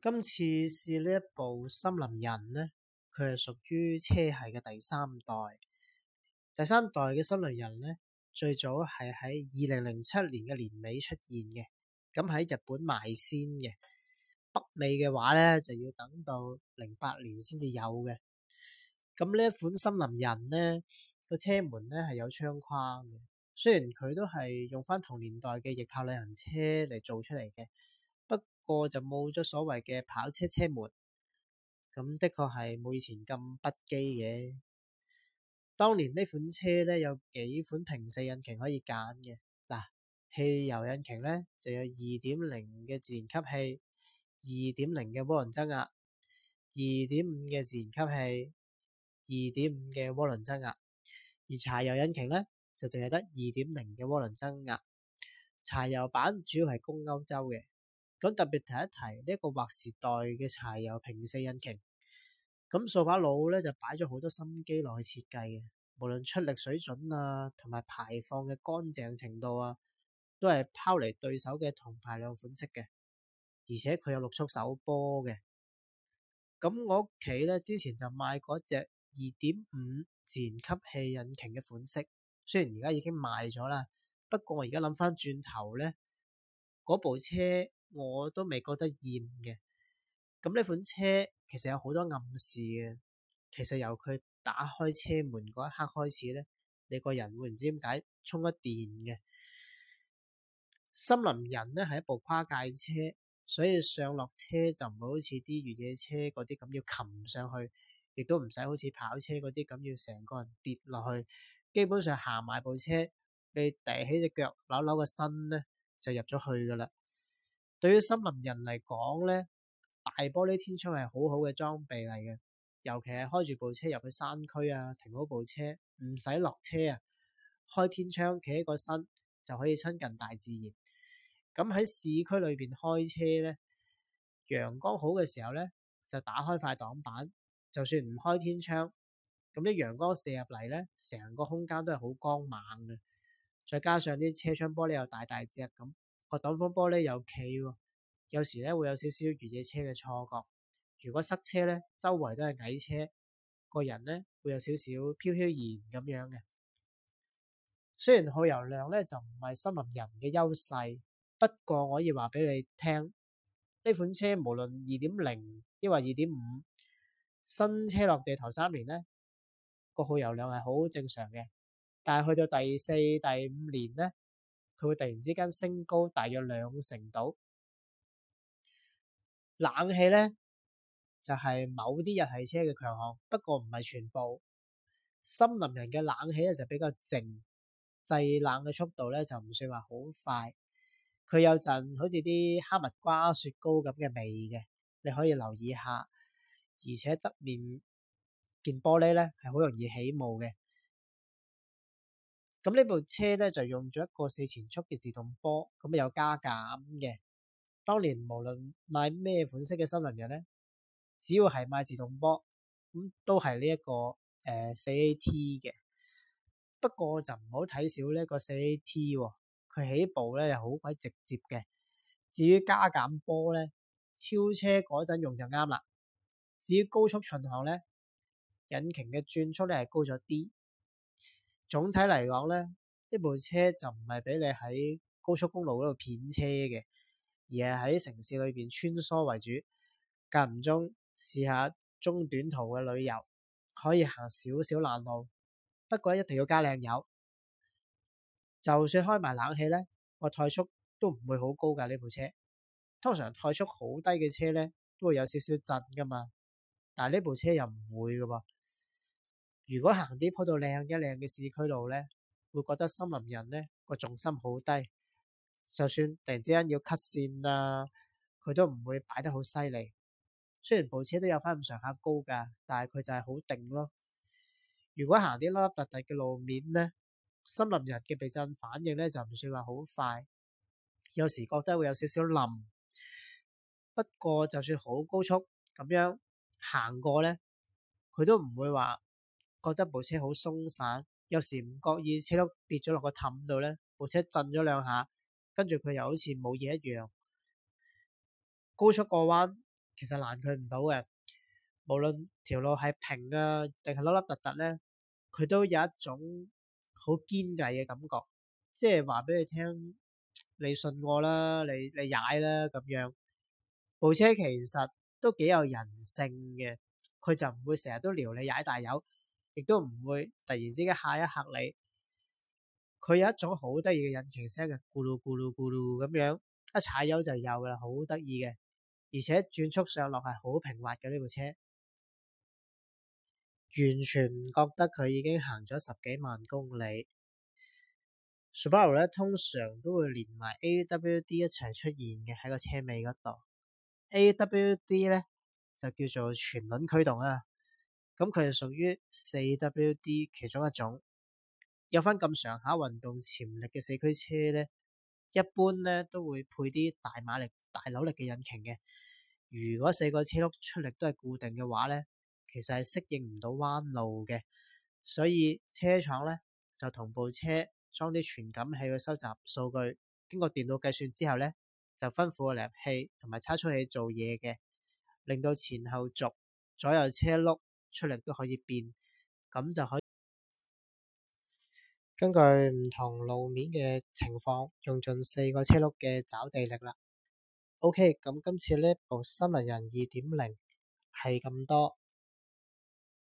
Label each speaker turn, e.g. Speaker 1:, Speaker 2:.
Speaker 1: 今次試呢一部森林人呢，佢係屬於車系嘅第三代。第三代嘅森林人呢，最早係喺二零零七年嘅年尾出現嘅，咁喺日本賣先嘅。北美嘅話呢，就要等到零八年先至有嘅。咁呢一款森林人呢，個車門呢係有窗框嘅，雖然佢都係用翻同年代嘅翼豹旅行車嚟做出嚟嘅，個就冇咗所謂嘅跑車車門，咁的確係冇以前咁不羈嘅。當年呢款車呢，有幾款平四引擎可以揀嘅，嗱，汽油引擎呢，就有二點零嘅自然吸氣、二點零嘅渦輪增壓、二點五嘅自然吸氣、二點五嘅渦輪增壓，而柴油引擎呢，就淨係得二點零嘅渦輪增壓。柴油版主要係供歐洲嘅。咁特別提一提呢個劃時代嘅柴油平四引擎，咁掃把佬咧就擺咗好多心機落去設計嘅，無論出力水準啊，同埋排放嘅乾淨程度啊，都係拋離對手嘅同排量款式嘅，而且佢有六速手波嘅。咁我屋企咧之前就買嗰隻二點五自然吸氣引擎嘅款式，雖然而家已經賣咗啦，不過我而家諗翻轉頭咧，嗰部車。我都未覺得厭嘅，咁呢款車其實有好多暗示嘅。其實由佢打開車門嗰一刻開始咧，你個人會唔知點解充一電嘅。森林人咧係一部跨界車，所以上落車就唔會好似啲越野車嗰啲咁要擒上去，亦都唔使好似跑車嗰啲咁要成個人跌落去。基本上行埋部車，你提起隻腳扭扭個身咧，就入咗去噶啦。對於森林人嚟講咧，大玻璃天窗係好好嘅裝備嚟嘅，尤其係開住部車入去山區啊，停好部車唔使落車啊，開天窗企喺個身就可以親近大自然。咁喺市區裏邊開車咧，陽光好嘅時候咧，就打開塊擋板，就算唔開天窗，咁啲陽光射入嚟咧，成個空間都係好光猛嘅，再加上啲車窗玻璃又大大隻咁。個擋風玻璃有企喎，有時咧會有少少越野車嘅錯覺。如果塞車咧，周圍都係矮車，個人咧會有少少飄飄然咁樣嘅。雖然耗油量咧就唔係森林人嘅優勢，不過我可以話俾你聽，呢款車無論二點零抑或二點五，新車落地頭三年咧，個耗油量係好正常嘅，但係去到第四、第五年咧。佢會突然之間升高大約兩成度。冷氣咧就係某啲日系車嘅強項，不過唔係全部。森林人嘅冷氣咧就比較靜，製冷嘅速度咧就唔算話好快。佢有陣好似啲哈密瓜雪糕咁嘅味嘅，你可以留意下。而且側面件玻璃咧係好容易起霧嘅。咁呢部車咧就用咗一個四前速嘅自動波，咁啊有加減嘅。當年無論買咩款式嘅森林人咧，只要係買自動波，咁都係呢一個誒四 AT 嘅。不過就唔好睇少呢個四 AT，佢起步咧又好鬼直接嘅。至於加減波咧，超車嗰陣用就啱啦。至於高速巡航咧，引擎嘅轉速咧係高咗啲。總體嚟講咧，呢部車就唔係俾你喺高速公路嗰度片車嘅，而係喺城市裏邊穿梭為主。間唔中試下中短途嘅旅遊，可以行少少爛路。不過一定要加靚油，就算開埋冷氣咧，個怠速都唔會好高噶，呢部車。通常怠速好低嘅車咧，都會有少少震噶嘛。但係呢部車又唔會噶喎。如果行啲鋪到靚一靚嘅市區路咧，會覺得森林人咧個重心好低，就算突然之間要切線啊，佢都唔會擺得好犀利。雖然部車都有翻咁上下高㗎，但係佢就係好定咯。如果行啲凹凹凸凸嘅路面咧，森林人嘅避震反應咧就唔算話好快，有時覺得會有少少冧。不過就算好高速咁樣行過咧，佢都唔會話覺得部車好鬆散，有時唔覺意車轆跌咗落個氹度咧，部車震咗兩下，跟住佢又好似冇嘢一樣。高速過彎，其實難佢唔到嘅，無論條路係平啊定係凹凹凸凸咧，佢都有一種好堅毅嘅感覺。即係話俾你聽，你信我啦，你你踩啦咁樣。部車其實都幾有人性嘅，佢就唔會成日都撩你踩大油。亦都唔會突然之間嚇一嚇你，佢有一種好得意嘅引擎聲嘅咕嚕咕嚕咕嚕咁樣，一踩油就有啦，好得意嘅。而且轉速上落係好平滑嘅呢部車，完全唔覺得佢已經行咗十幾萬公里。Subaru 咧，通常都會連埋 AWD 一齊出現嘅喺個車尾嗰度，AWD 咧就叫做全輪驅動啊。咁佢係屬於四 WD 其中一種，有翻咁上下運動潛力嘅四驅車咧，一般咧都會配啲大馬力、大扭力嘅引擎嘅。如果四個車轆出力都係固定嘅話咧，其實係適應唔到彎路嘅，所以車廠咧就同部車裝啲傳感器去收集數據，經過電腦計算之後咧，就吩咐個離合器同埋差速器做嘢嘅，令到前後軸、左右車轆出力都可以變，咁就可以根據唔同路面嘅情況，用盡四個車轆嘅抓地力啦。OK，咁今次呢部森林人二點零係咁多。